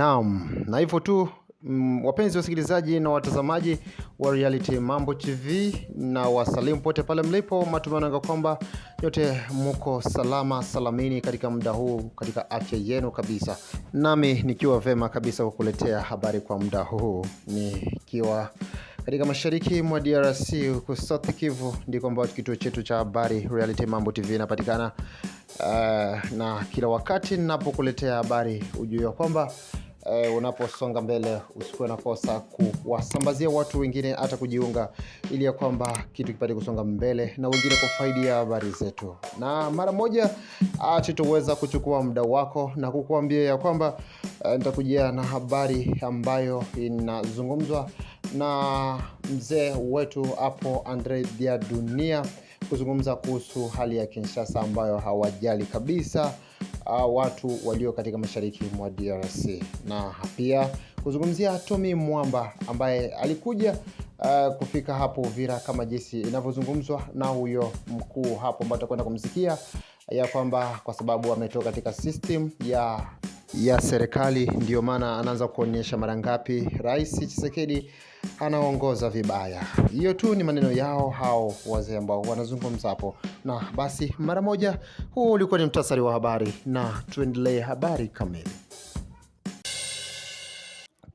Naam, na hivyo tu mm, wapenzi wasikilizaji na watazamaji wa Reality Mambo TV na wasalimu pote pale mlipo, matumaini yangu kwamba yote muko salama salamini katika muda huu katika afya yenu kabisa, nami nikiwa vema kabisa kukuletea habari kwa muda huu nikiwa katika mashariki mwa DRC huko South Kivu ndiko ambao kituo chetu cha habari Reality Mambo TV inapatikana. Uh, na kila wakati ninapokuletea habari ujue kwamba eh, unaposonga mbele usikuwe kosa kuwasambazia watu wengine hata kujiunga, ili ya kwamba kitu kipate kusonga mbele na wengine kufaidia habari zetu, na mara moja tutaweza kuchukua muda wako na kukuambia ya kwamba eh, nitakujia na habari ambayo inazungumzwa na mzee wetu hapo Andre Dia Dunia kuzungumza kuhusu hali ya Kinshasa ambayo hawajali kabisa uh, watu walio katika mashariki mwa DRC na pia kuzungumzia Tommy Mwamba ambaye alikuja uh, kufika hapo Uvira kama jinsi inavyozungumzwa na huyo mkuu hapo, ambao takwenda kumsikia ya kwamba kwa sababu ametoka katika system ya ya serikali. Ndiyo maana anaanza kuonyesha mara ngapi Rais Tshisekedi anaongoza vibaya. Hiyo tu ni maneno yao hao wazee ambao wanazungumza hapo, na basi mara moja. Huo ulikuwa ni mtasari wa habari, na tuendelee habari kamili.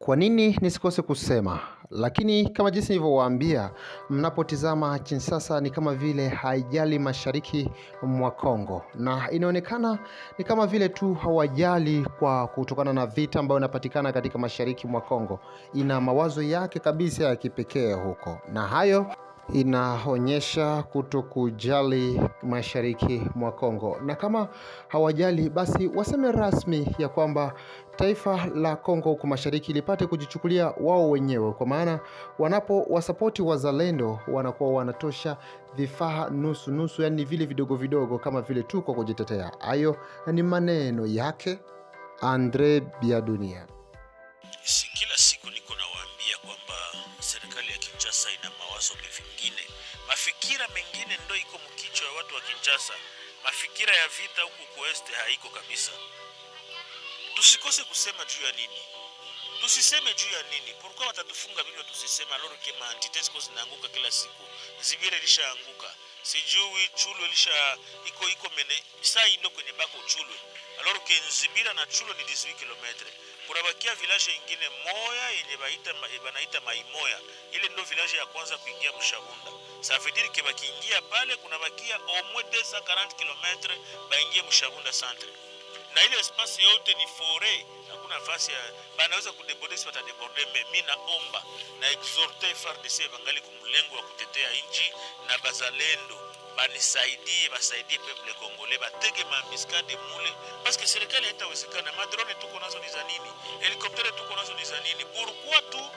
Kwa nini nisikose kusema? Lakini kama jinsi nilivyowaambia, mnapotizama chini sasa, ni kama vile haijali mashariki mwa Kongo, na inaonekana ni kama vile tu hawajali kwa kutokana na vita ambayo inapatikana katika mashariki mwa Kongo. Ina mawazo yake kabisa ya kipekee huko, na hayo inaonyesha kuto kujali mashariki mwa Kongo, na kama hawajali basi waseme rasmi ya kwamba taifa la Kongo huko mashariki lipate kujichukulia wao wenyewe, kwa maana wanapo wasapoti wazalendo wanakuwa wanatosha vifaa nusu nusu, yani vile vidogo vidogo kama vile tu kwa kujitetea. Hayo ni maneno yake Andre Biadunia. Dunia. mafikira mengine ndo iko mkichwa ya watu wa Kinshasa. Mafikira ya vita huku kueste haiko kabisa. Tusikose kusema juu ya nini, tusiseme juu ya nini, pourquoi watatufunga vinywa tusisema, alors que ma entités zinaanguka kila siku. Zibire lishaanguka, sijui Chulwe lisha iko iko mene saa ino kwenye bako Chulwe, alors que Nzibira na Chulwe ni 18 kuna bakia village ingine moya yenye banaita Maimoya, ile ndo village ya kwanza kuingia Mshabunda. Ça veut dire que bakiingia pale kuna bakia au moins 240 km baingie Mshabunda centre, na ile espace yote ni fore, hakuna nafasi ya banaweza kudeborde, si watadeborde. Me mi naomba na exhorte FARDC bangali kumlengo wa kutetea nchi na bazalendo banisaidie basaidie peuple congolais batege mamiskade mule paske serikali haitawezekana. Madrone tuko nazo ni za nini? Helikoptere tuko nazo ni za nini? Pourquoi tu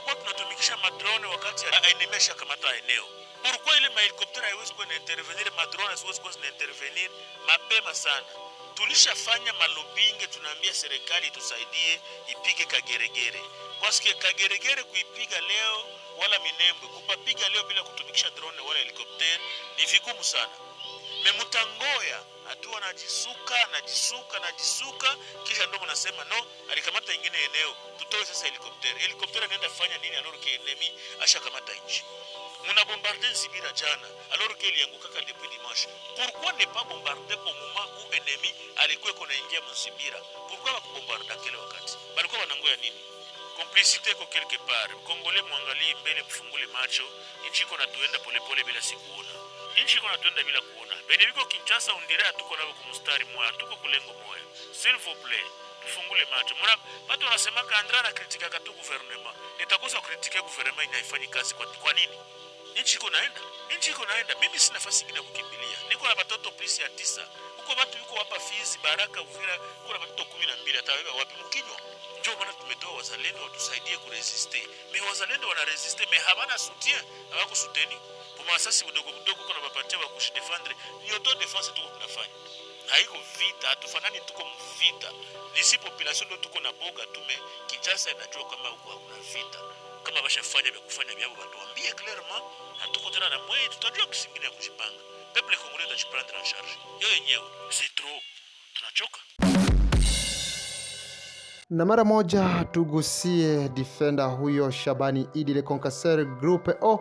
tutakuwa tunatumikisha madrone wakati enemy eh, ashakamata eneo. Pourquoi ile mahelikoptera haiwezi kuwa inaintervenir, madrone haiwezi kuwa zinaintervenir mapema sana? Tulishafanya malobinge, tunaambia serikali itusaidie ipige Kageregere, paske Kageregere kuipiga leo wala Minembwe kupapiga leo bila kutumikisha drone wala helikopter ni vigumu sana mmemutangoya hatua, najisuka najisuka najisuka, kisha ndo mnasema no, alikamata ingine eneo, tutoe sasa helikopter. Helikopter anaenda fanya nini? aloro ke enemi ashakamata nchi muna bombarde Nzibira jana alors que iliangukaka depuis dimanche. Pourquoi ne pas bombarder au moment où enemy alikuwa kona ingia Mzibira? Pourquoi wa bakubombarda kile wakati? Balikuwa wanangoya nini? Complicité ko quelque part. Kongole, mwangalie mbele, mfungule macho, nchi kona tuenda polepole bila sikuona inchi iko natwenda bila kuona benye viko Kinshasa undirea tuko nabo kumustari moya, tuko kulengo moya. S'il vous plaît, tufungule macho. Mwana watu wanasema kandra na kritika katu guvernema, nitakosa kukritika guvernema inaifanyi kazi kwa, kwa nini? Inchi iko naenda, inchi iko naenda. Mimi sina nafasi ingine kukimbilia, niko na watoto plus ya tisa kuko watu yuko hapa Fizi, Baraka, Uvira, kuna watoto kumi na mbili ataweka wapi mkinywa? Ndio maana tumetoa wazalendo watusaidie kuresiste. Me wazalendo wanaresiste, me hawana soutien, hawako suteni kumasasi mdogo mdogo, kuna mapatia wa kushidefendre. Ni auto defense tuko tunafanya, haiko vita, hatufanani, tuko mvita, ni si population ndio tuko na boga tume. Kinshasa inajua kama huko hakuna vita, kama bashafanya vya kufanya vyao, watuambie clairement, hatuko tena na mwe, tutajua kisingine ya kujipanga. Biblia ikakulinda jibrandi na charge yo yenyewe si true. Tunachoka. Na mara moja tugusie defender huyo Shabani Idi Le Concasseur Group O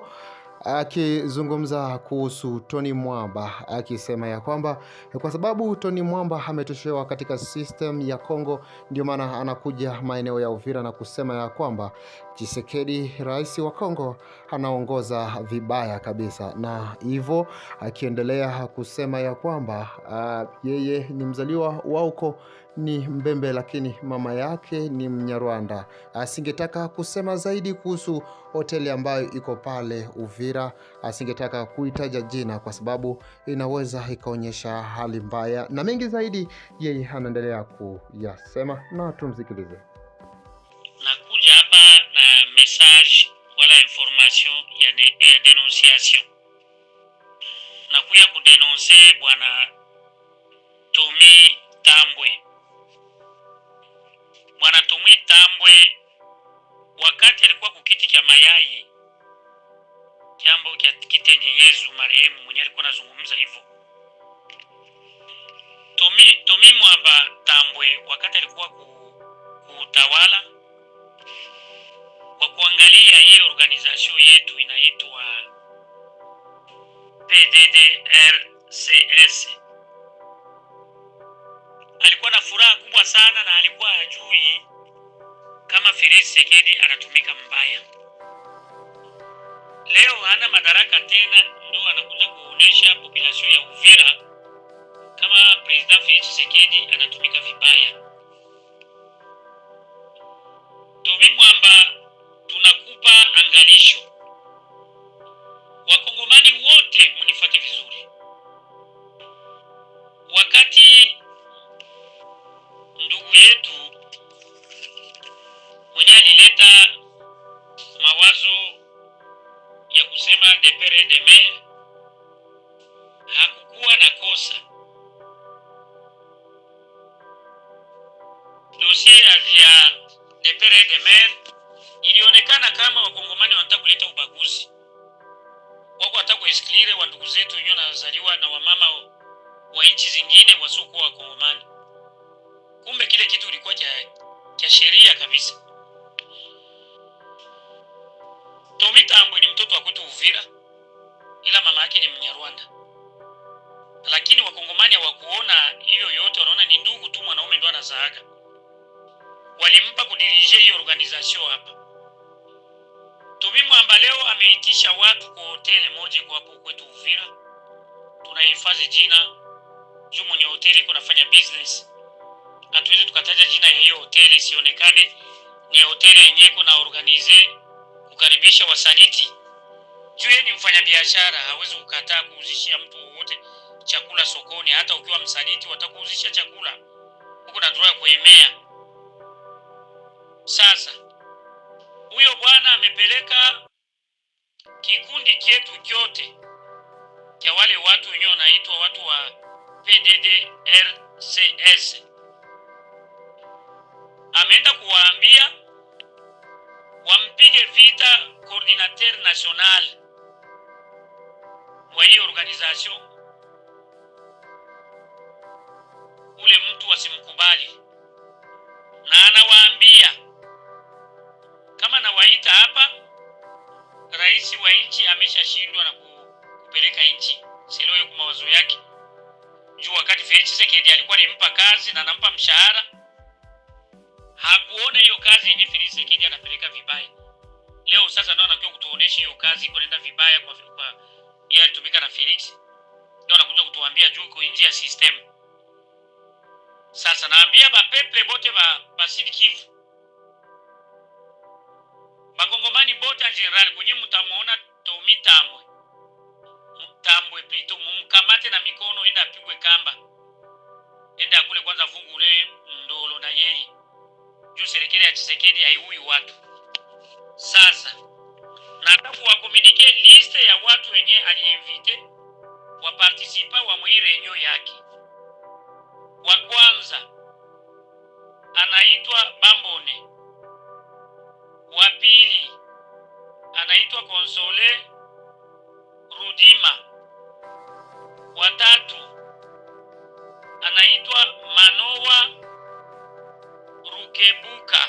akizungumza kuhusu Tony Mwamba akisema ya kwamba kwa sababu Tony Mwamba ametoshewa katika system ya Kongo, ndio maana anakuja maeneo ya Uvira na kusema ya kwamba chisekedi rais wa Kongo, anaongoza vibaya kabisa, na hivyo akiendelea kusema ya kwamba uh, yeye ni mzaliwa wa huko ni Mbembe, lakini mama yake ni Mnyarwanda. Asingetaka kusema zaidi kuhusu hoteli ambayo iko pale Uvira, asingetaka kuitaja jina kwa sababu inaweza ikaonyesha hali mbaya, na mengi zaidi yeye anaendelea kuyasema, na tumsikilize. ya denunciation. Nakuja kudenonse bwana Tomi Tambwe. Bwana Tomi Tambwe wakati alikuwa kukiti cha mayai jambo cha kitenge Yesu marehemu mwenye alikuwa anazungumza hivyo. Tomi Tomi Mwamba Tambwe wakati alikuwa kutawala kwa kuangalia hii organization yetu inaitwa PDDRCS. Alikuwa na furaha kubwa sana na alikuwa ajui kama Felix Tshisekedi anatumika mbaya. Leo hana madaraka tena, ndio anakuja buena cosa. kuona hiyo yote, wanaona ni ndugu tu, mwanaume ndo anazaaga. Walimpa kudirije hiyo organization hapa Tumimwamba leo ameitisha watu kwa hoteli moja kwa hapo kwetu Uvira, tunahifadhi jina juu mwenye hoteli iko nafanya business. Hatuwezi tukataja jina ya hiyo hoteli isionekane ni hoteli yenyewe kuna organize kukaribisha wasaliti. Juu yeye ni mfanyabiashara, hawezi kukataa kuuzishia mtu wowote chakula sokoni, hata ukiwa msaliti watakuuzisha chakula huko, naturaa kuemea. Sasa huyo bwana amepeleka kikundi chetu chote cha wale watu wenyewe wanaitwa watu wa PDDRCS, ameenda kuwaambia wampige vita coordinateur national wa hiyo organization ule mtu asimkubali, na anawaambia kama nawaita hapa, rais wa nchi ameshashindwa na kupeleka nchi Siloyo kwa mawazo yake juu, wakati Felix Tshisekedi alikuwa nimpa kazi na anampa mshahara, hakuona hiyo kazi yenye Felix Tshisekedi anapeleka vibaya. Leo sasa ndio anakuja kutuonesha hiyo kazi iko nenda vibaya kwa kwa yeye alitumika na Felix, ndio anakuja kutuambia juu iko nje ya system. Sasa naambia bapeple bote ba, ba Sud Kivu bakongomani bote general kwenye mutamona Tomi Tambwe Mtambwe plito mumkamate na mikono, enda apigwe kamba, enda akule kwanza fungu ndolo na yeye juu serikali ya Tshisekedi haiui watu. Sasa nataka kuwakomunike liste ya watu wenye aliinvite wapartisipa wa mwii renyo yake wa kwanza anaitwa Bambone, wa pili anaitwa Konsole Rudima, wa tatu anaitwa Manoa Rukebuka,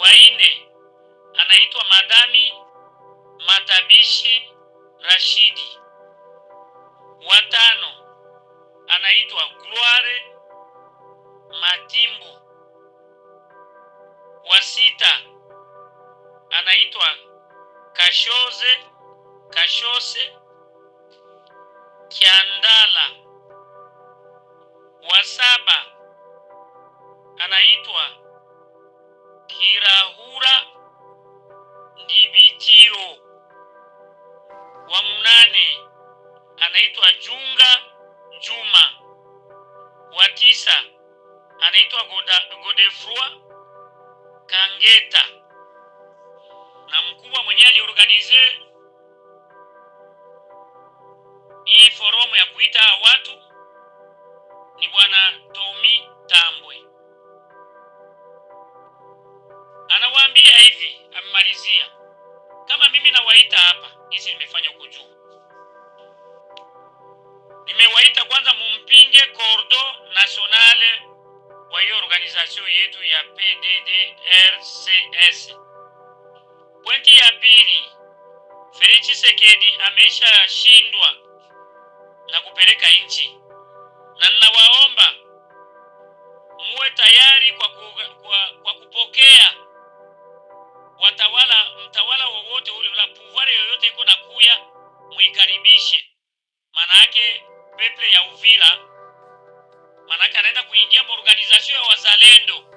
wa nne anaitwa Madami Matabishi Rashidi, wa tano anaitwa Gloire Matimbu, wa sita anaitwa Kashoze Kashose Kiandala, wa saba anaitwa Kirahura Ndibitiro, wa mnane anaitwa Junga Juma, wa tisa anaitwa godefrua Kangeta. mbili Felix Tshisekedi ameshashindwa na kupeleka nchi, na ninawaomba muwe tayari kwa, ku, kwa, kwa kupokea watawala mtawala wowote ule la pouvoir yoyote iko na kuya, muikaribishe. Manake peple ya Uvira manake anaenda kuingia mu organization ya wazalendo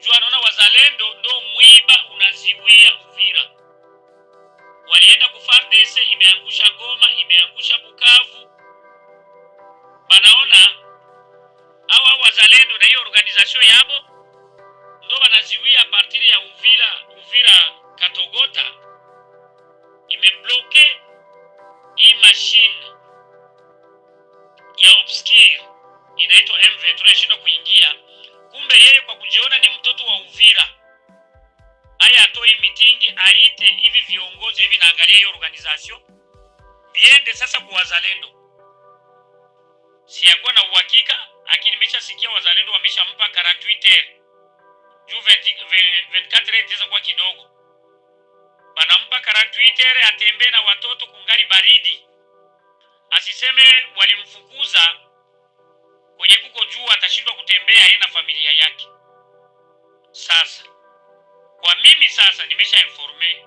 juu anaona wazalendo ndo mwiba unaziwia Uvira. hivi naangalia hiyo organization iende sasa kwa wazalendo. Siyakuwa na uhakika, lakini nimeshasikia wazalendo wameshampa 48 heures juu 24 heures itaweza kuwa kidogo, wanampa 48 heures atembee na watoto kungali baridi, asiseme walimfukuza kwenye kuko juu, atashindwa kutembea yeye na familia yake. Sasa kwa mimi sasa nimesha informe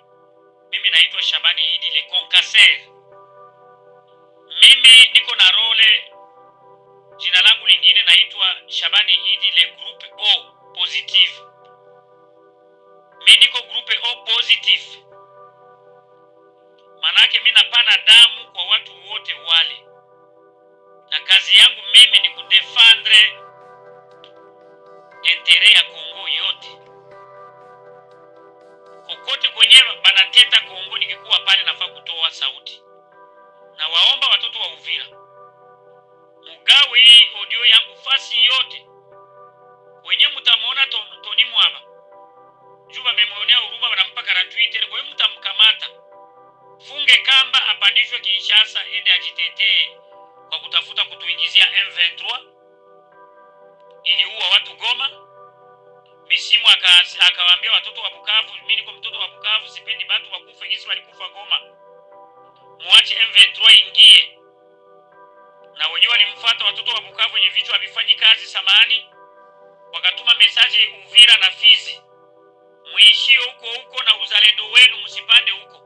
mimi naitwa Shabani Idi Le Concaser. Mimi niko na role, jina langu lingine naitwa Shabani Idi Le Groupe O Positive. Mimi niko Groupe O Positive, manake mimi napana damu kwa watu wote wale, na kazi yangu mimi ni kudefendre intere ya kote kwenye banateta Kongo, nikikuwa pale nafaa kutoa sauti na waomba watoto wa Uvira mugawe hii audio yangu fasi yote wenye mutamuona Tony Mwaba juu bamemwonea huruma, banampa karatwiter kwenye mutamkamata, funge kamba, apandishwe Kinshasa ende ajitetee kwa kutafuta kutuingizia M23 iliua watu Goma. Bisimu akawaambia watoto wa Bukavu, mimi niko mtoto wa Bukavu, sipendi batu wakufe jinsi walikufa Goma, muache M23 ingie. Na wenyewe walimfuata watoto wa Bukavu wenye vichwa havifanyi kazi samani, wakatuma mesaje Uvira na Fizi, muishie huko huko na uzalendo wenu, msipande huko,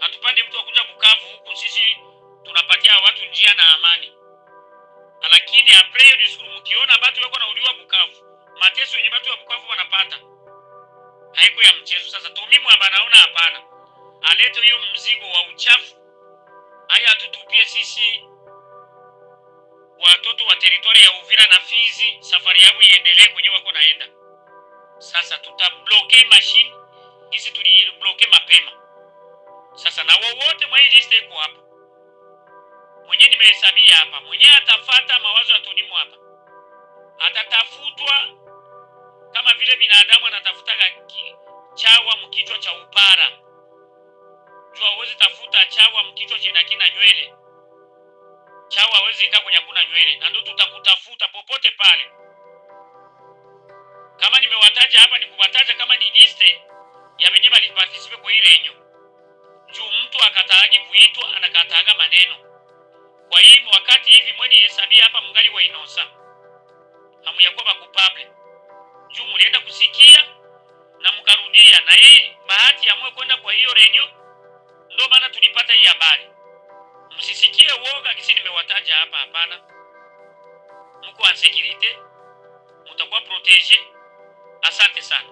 hatupande mtu akuja Bukavu huku, sisi tunapatia watu njia na amani. Lakini apre yo disuru, mkiona batu wako na uliwa Bukavu mateso yenye watu wa Bukavu wanapata haiko ya mchezo. Sasa tumimu hapa anaona hapana, alete hiyo mzigo wa uchafu haya atutupie sisi watoto wa teritori ya Uvira na Fizi, safari yao iendelee kwenye wako naenda. Sasa tutabloke mashine hizi, tulibloke mapema. Sasa na wowote mwa liste iko hapa mwenye nimehesabia hapa, mwenye atafata mawazo ya tunimu hapa atatafutwa kama vile binadamu anatafuta chawa mkichwa cha upara. Jua huwezi tafuta chawa mkichwa chenye kina nywele, chawa hawezi kaa kwenye kuna nywele, na ndio tutakutafuta popote pale. Kama nimewataja hapa, nikuwataja kama ni liste ya wenye walipartisipe kwa ile enyo juu mtu akataagi kuitwa anakataaga maneno. Kwa hiyo wakati hivi mweni hesabia hapa mungali wainosa hamuyakuwa bakupable juu mulienda kusikia na mkarudia, na hii bahati yamwe kwenda kwa hiyo renyo, ndio maana tulipata hii habari. Msisikie woga kisi nimewataja hapa, hapana. Mko en sécurité, mutakuwa protégé. Asante sana.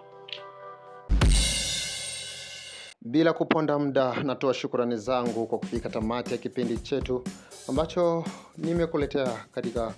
Bila kuponda muda, natoa shukrani zangu kwa kufika tamati ya kipindi chetu ambacho nimekuletea katika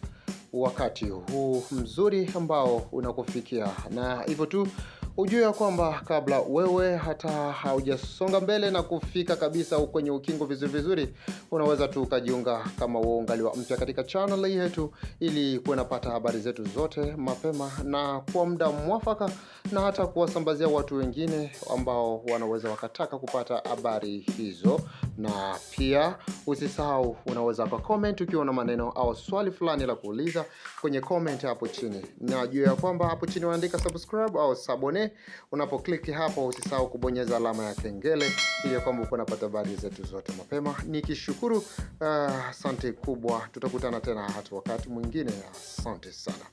wakati huu mzuri ambao unakufikia, na hivyo tu ujue ya kwamba kabla wewe hata haujasonga mbele na kufika kabisa kwenye ukingo vizuri vizuri, unaweza tu ukajiunga kama uungaliwa mpya katika channel yetu, ili kunapata habari zetu zote mapema na kwa muda mwafaka, na hata kuwasambazia watu wengine ambao wanaweza wakataka kupata habari hizo na pia usisahau, unaweza kwa comment ukiwa na maneno au swali fulani la kuuliza kwenye comment hapo chini, na juu ya kwamba hapo chini unaandika subscribe au sabone. Unapokliki hapo, usisahau kubonyeza alama ya kengele ili kwamba uko unapata habari zetu zote mapema. Nikishukuru, ah, asante uh, kubwa. Tutakutana tena hata wakati mwingine, asante sana.